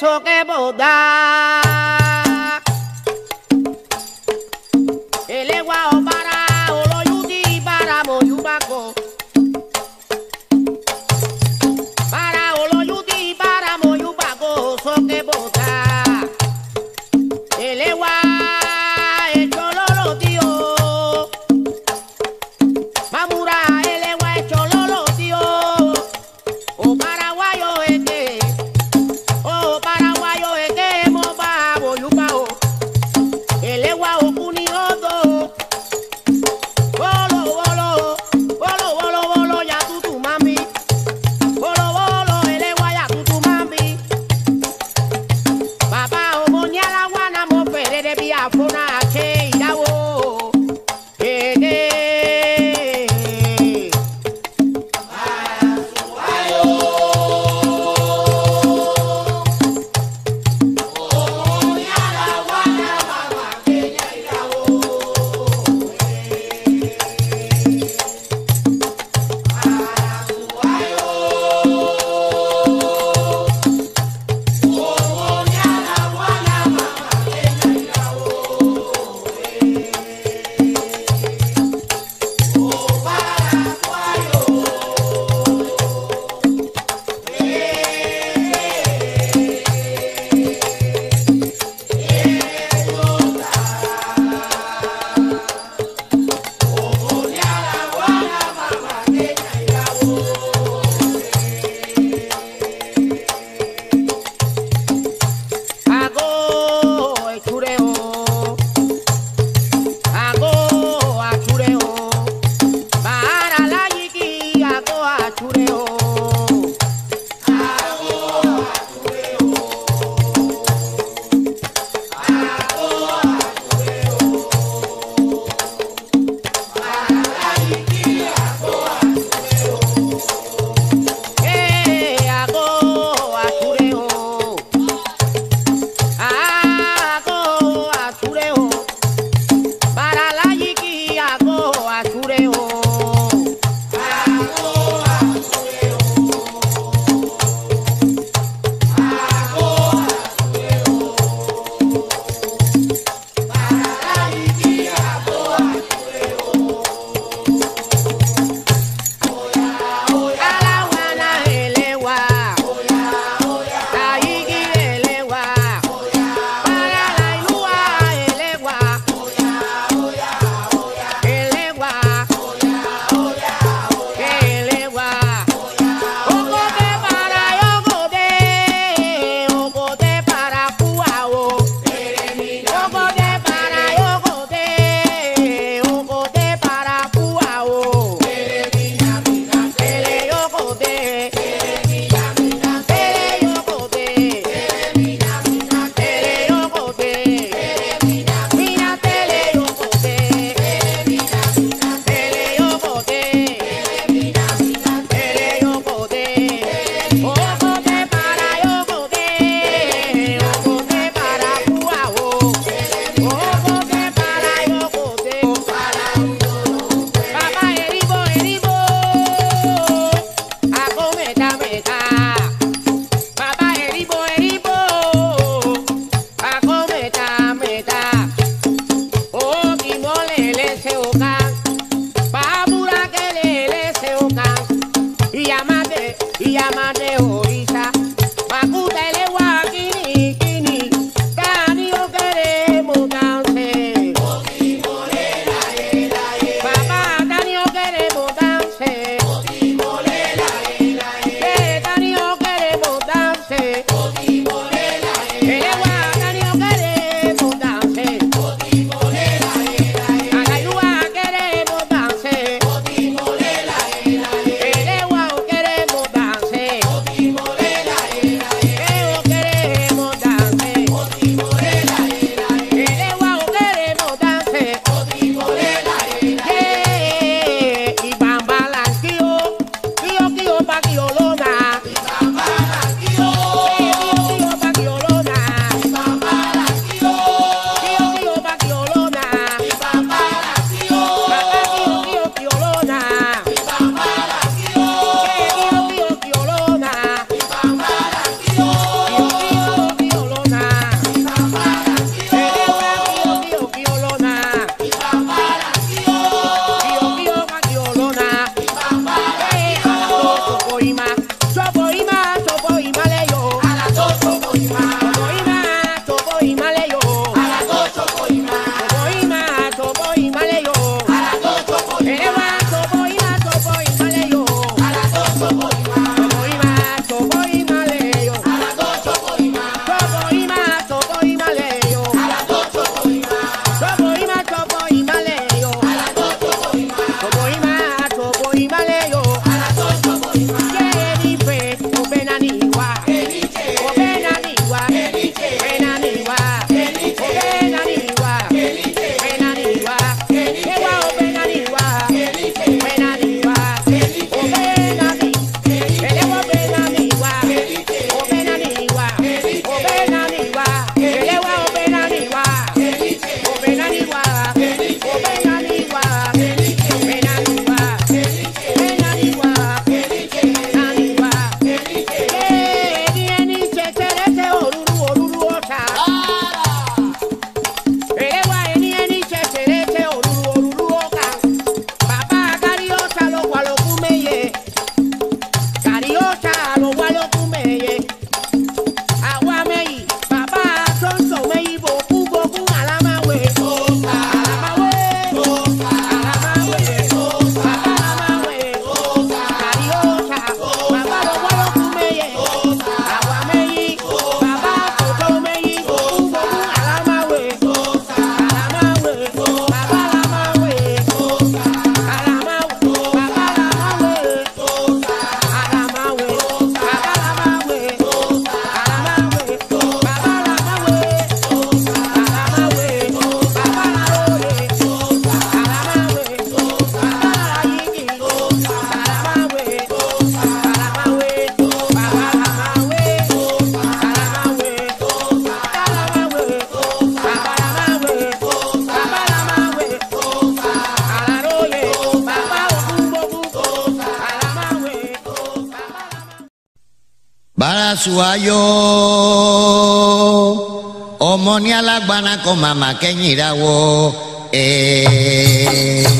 শোকে বোধা àṣùwáyọ ọmọ ní alágbára kan màmá kẹ́yìn ìdáwọ́ ẹ̀ẹ́.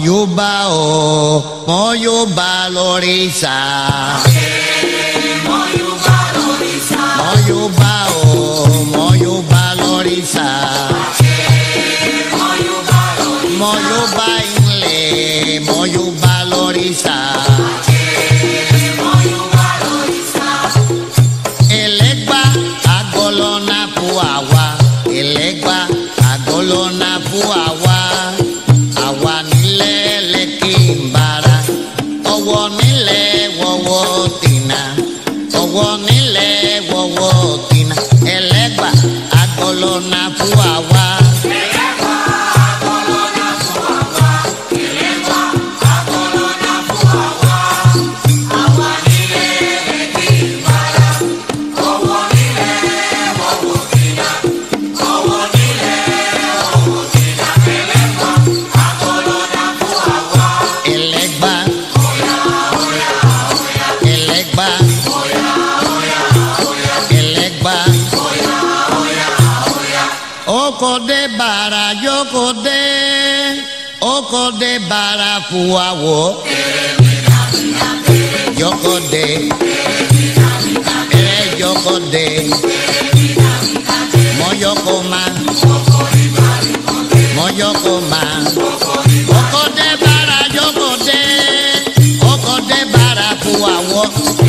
wọn yóò bá ọ wọn yóò lórí sá. wọn yóò ọ wọn yóò lórí sá. wọn yóò bá lórí sá. okode bara yokode okode bara fuawo yokode ere eh, yokode moyokoma moyokoma okode bara yokode okode bara fuawo.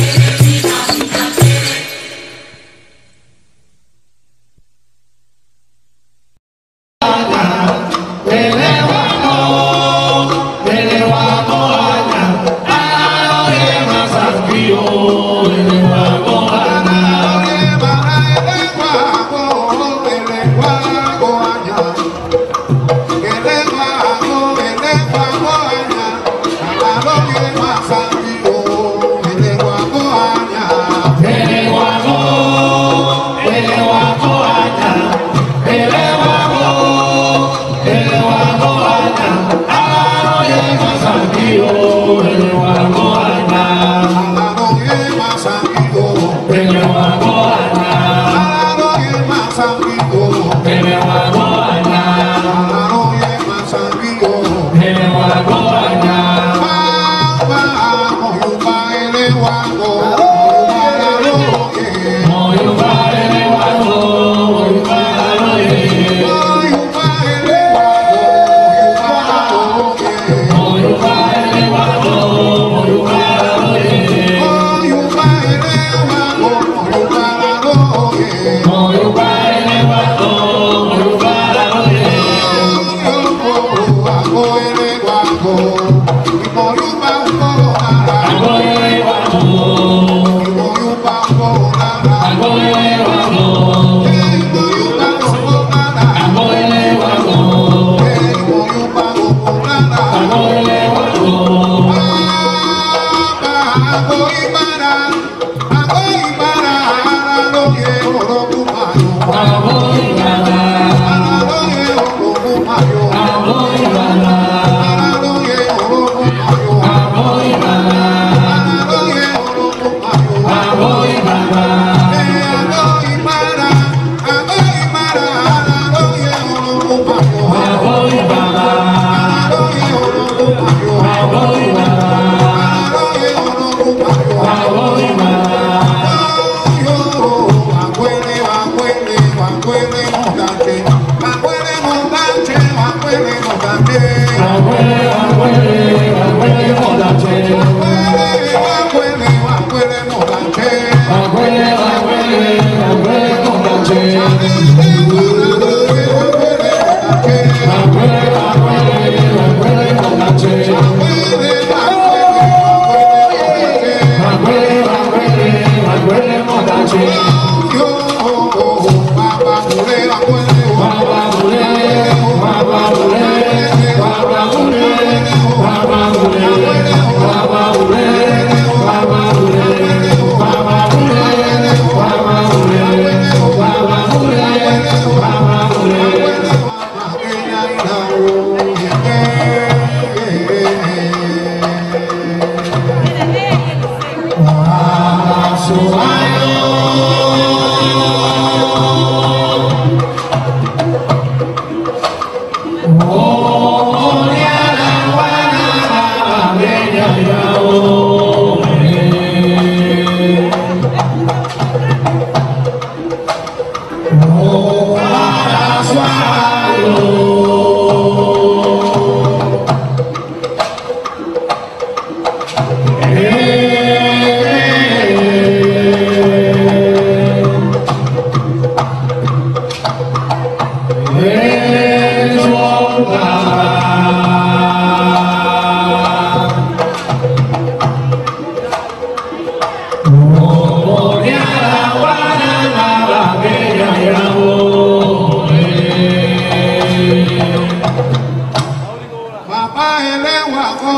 bàbá ẹlẹ́wà o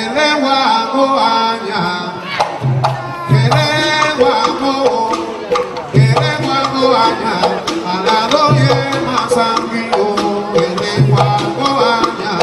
ẹlẹ́wà o àyà ẹlẹ́wà o ẹlẹ́wà o àyà àlàlóye màsàmì o ẹlẹ́wà o àyà.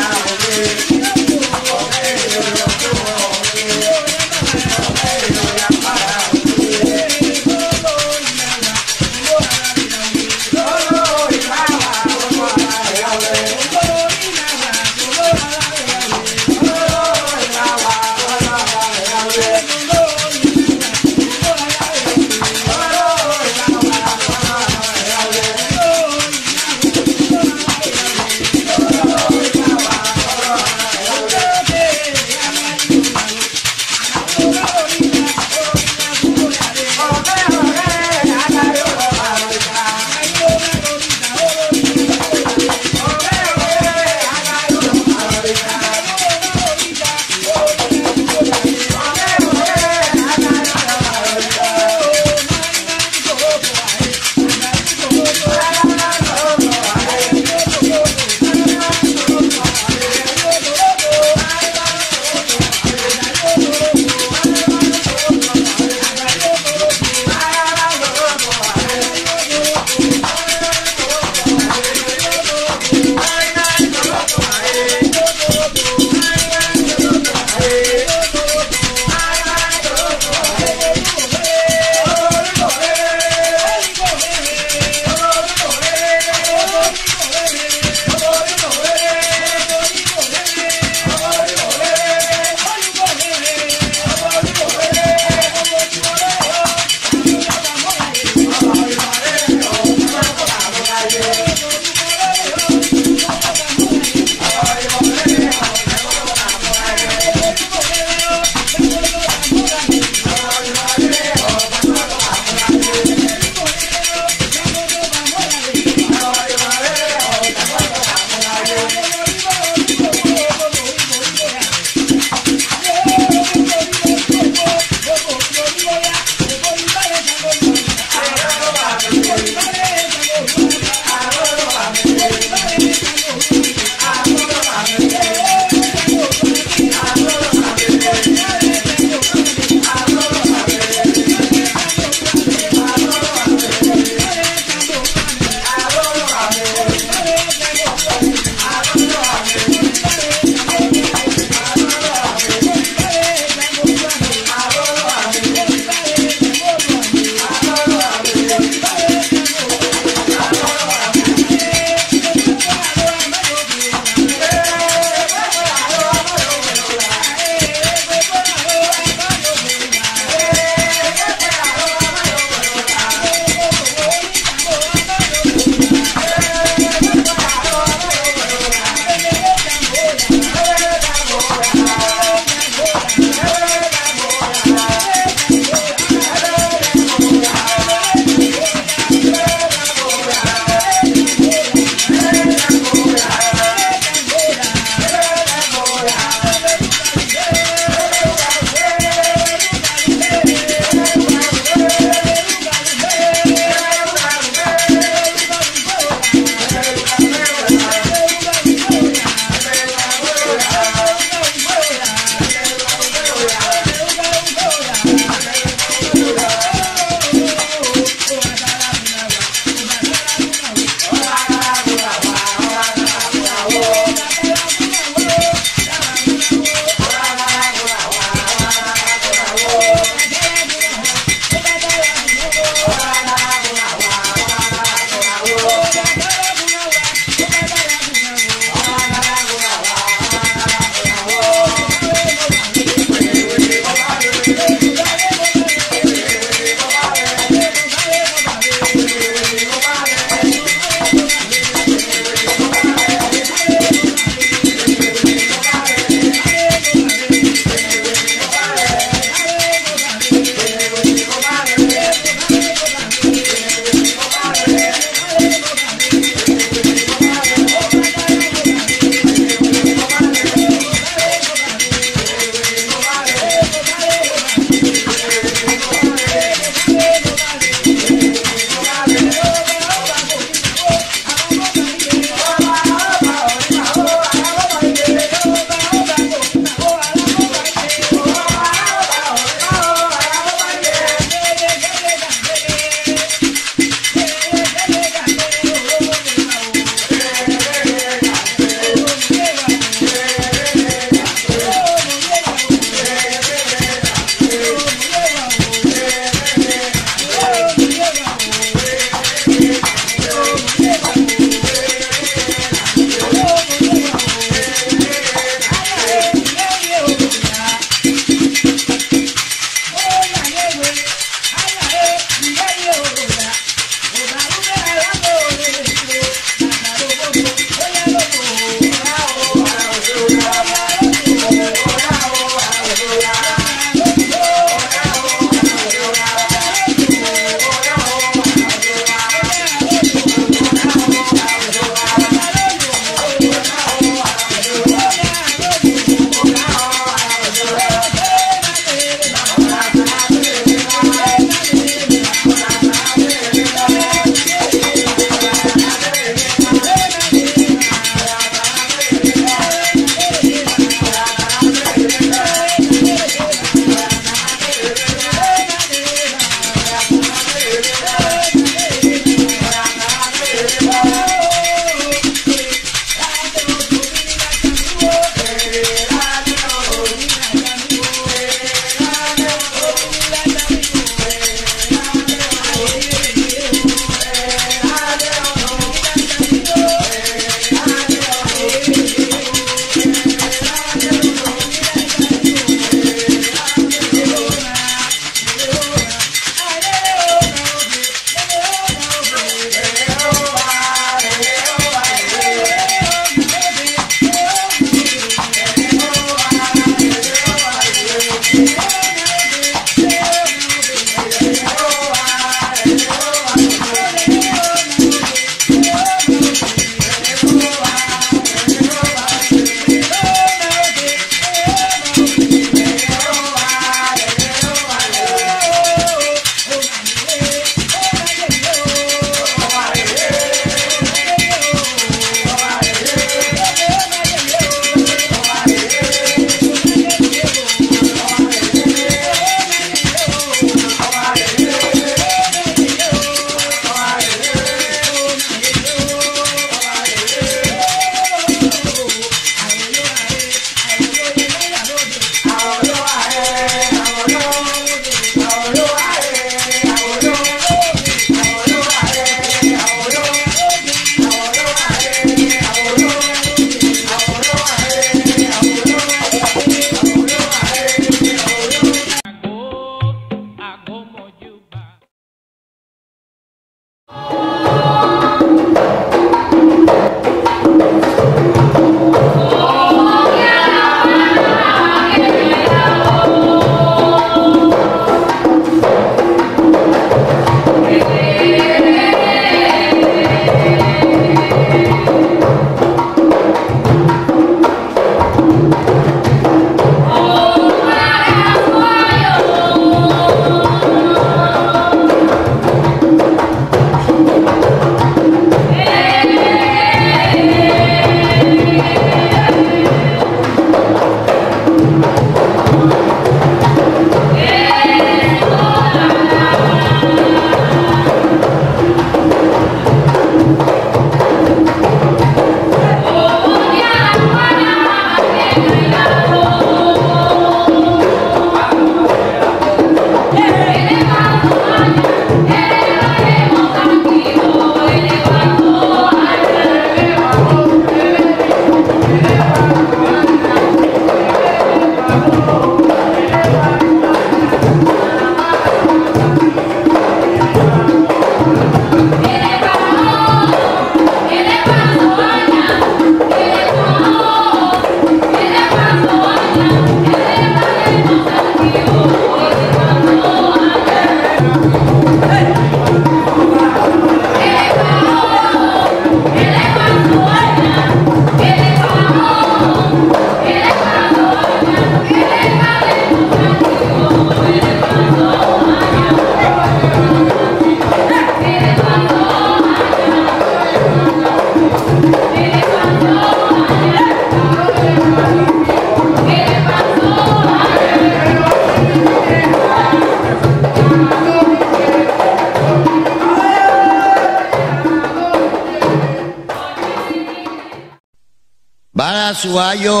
ṣùwáyọ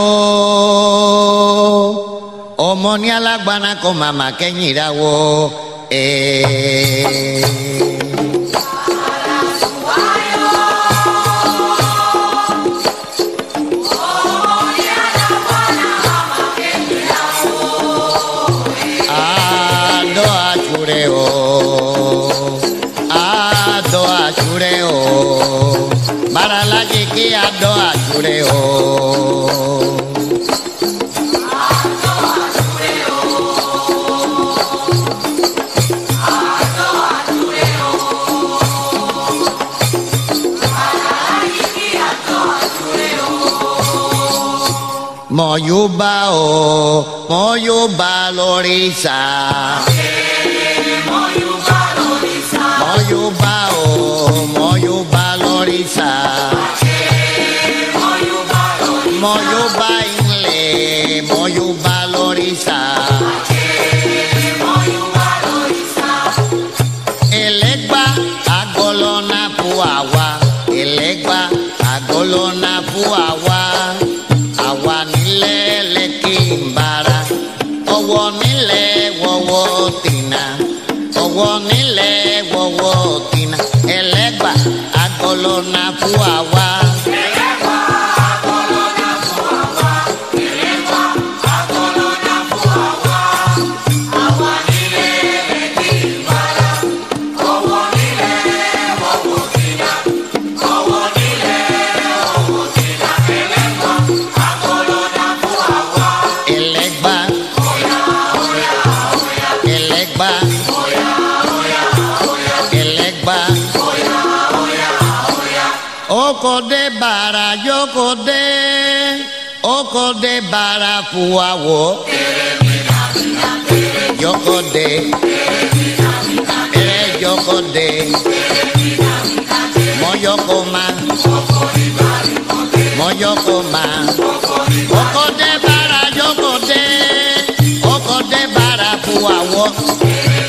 ọmọ ní alágbára kan màmá kẹ́yìn ìdáwọ́ ẹ̀ẹ́. Eh. yóò bá ọ wọn yóò bá lórí sá. wọn yóò bá lórí sá. wọn yóò bá ọ wọn yóò bá lórí sá. wọn yóò bá lórí sá. wọn yóò bá ilẹ̀ wọn yóò bá wọ nílẹ̀ wọ̀wọ̀ kìnnà ẹlẹ́gbà agbọ́lọ́ nà Yokode barakuawo. Yokode. Ere yokode. Moyokoma. Moyokoma. Okode bara yokode. Okode barakuawo.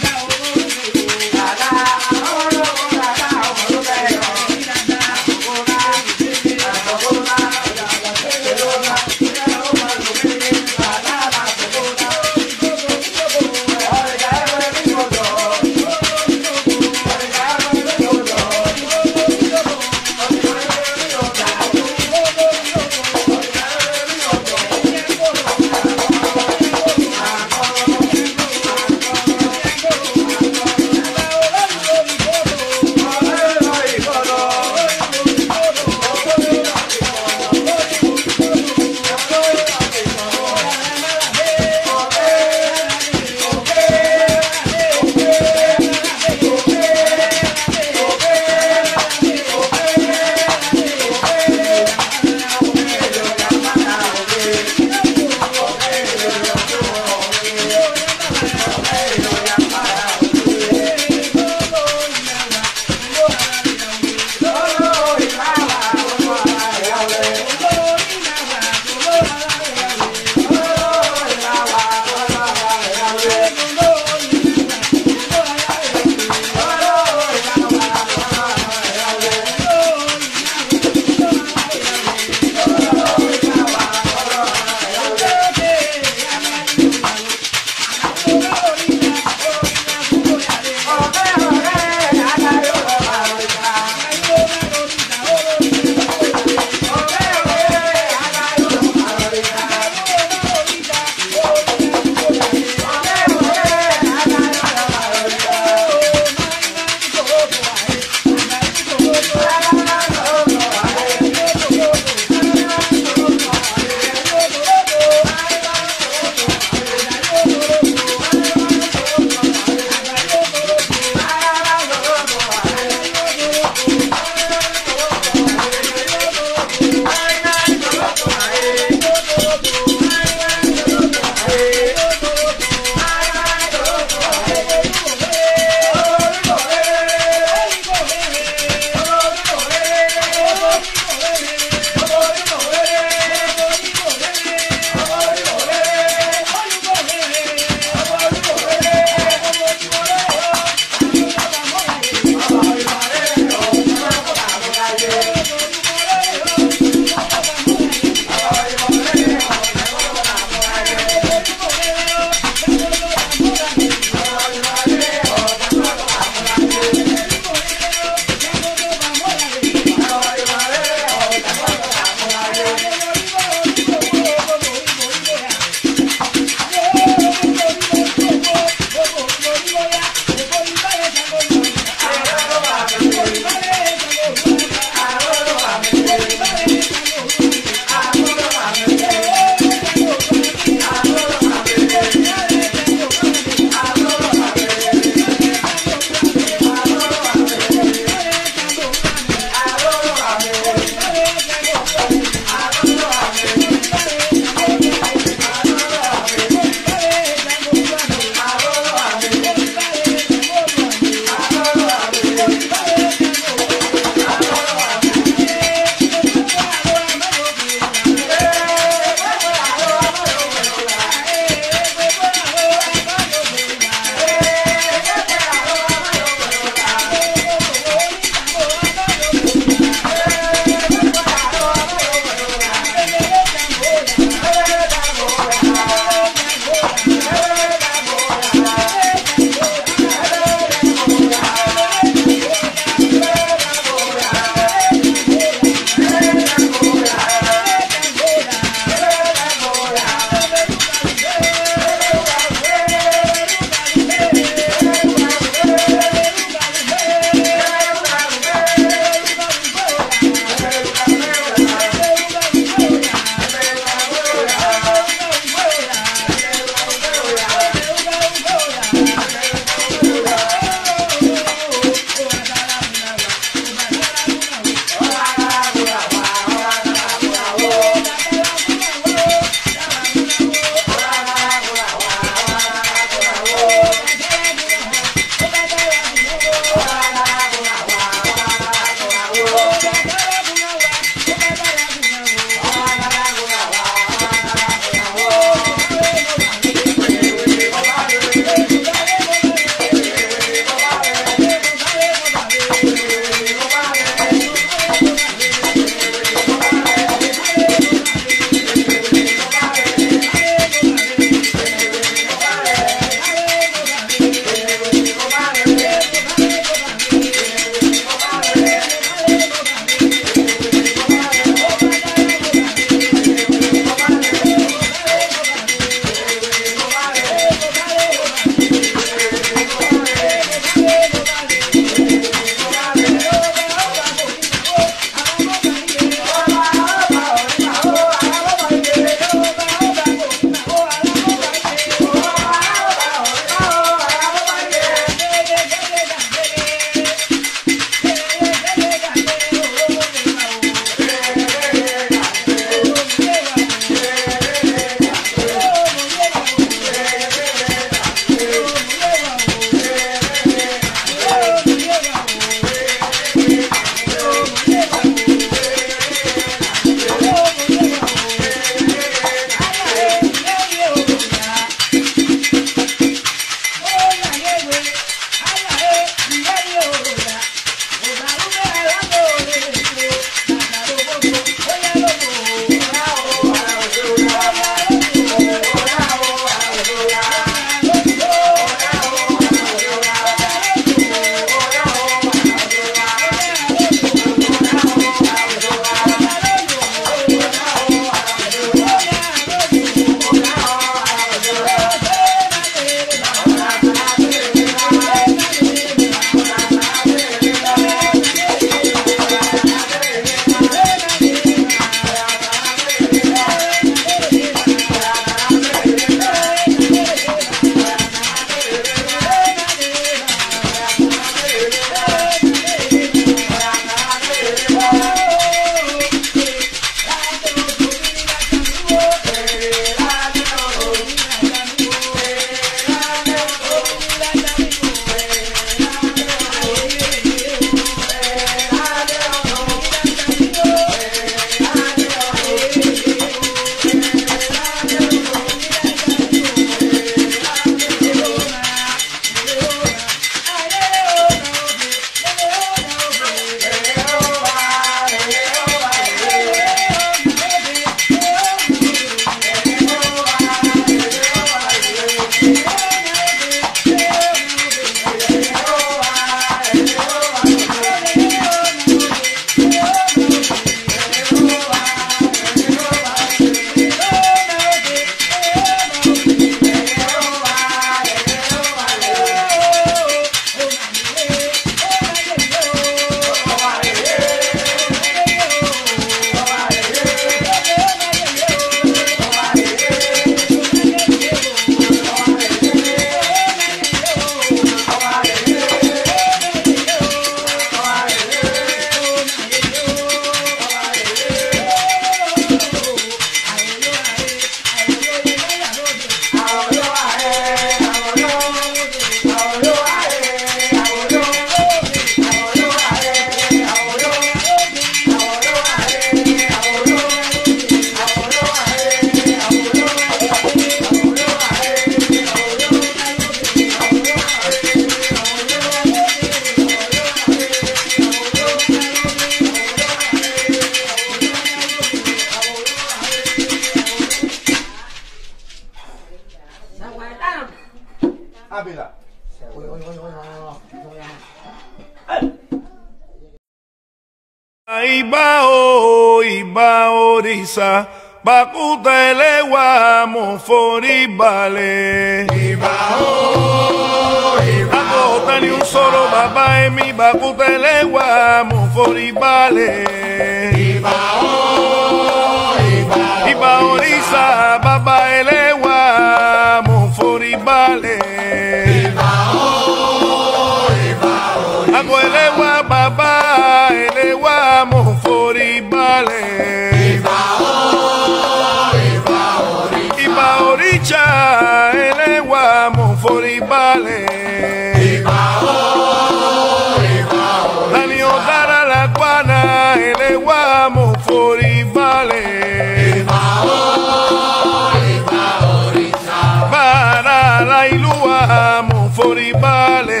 forimale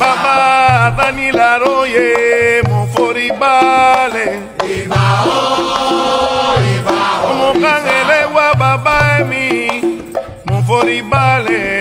Baba dani laroye mo fori forimale Mo kangelewa baba mi mo fori forimale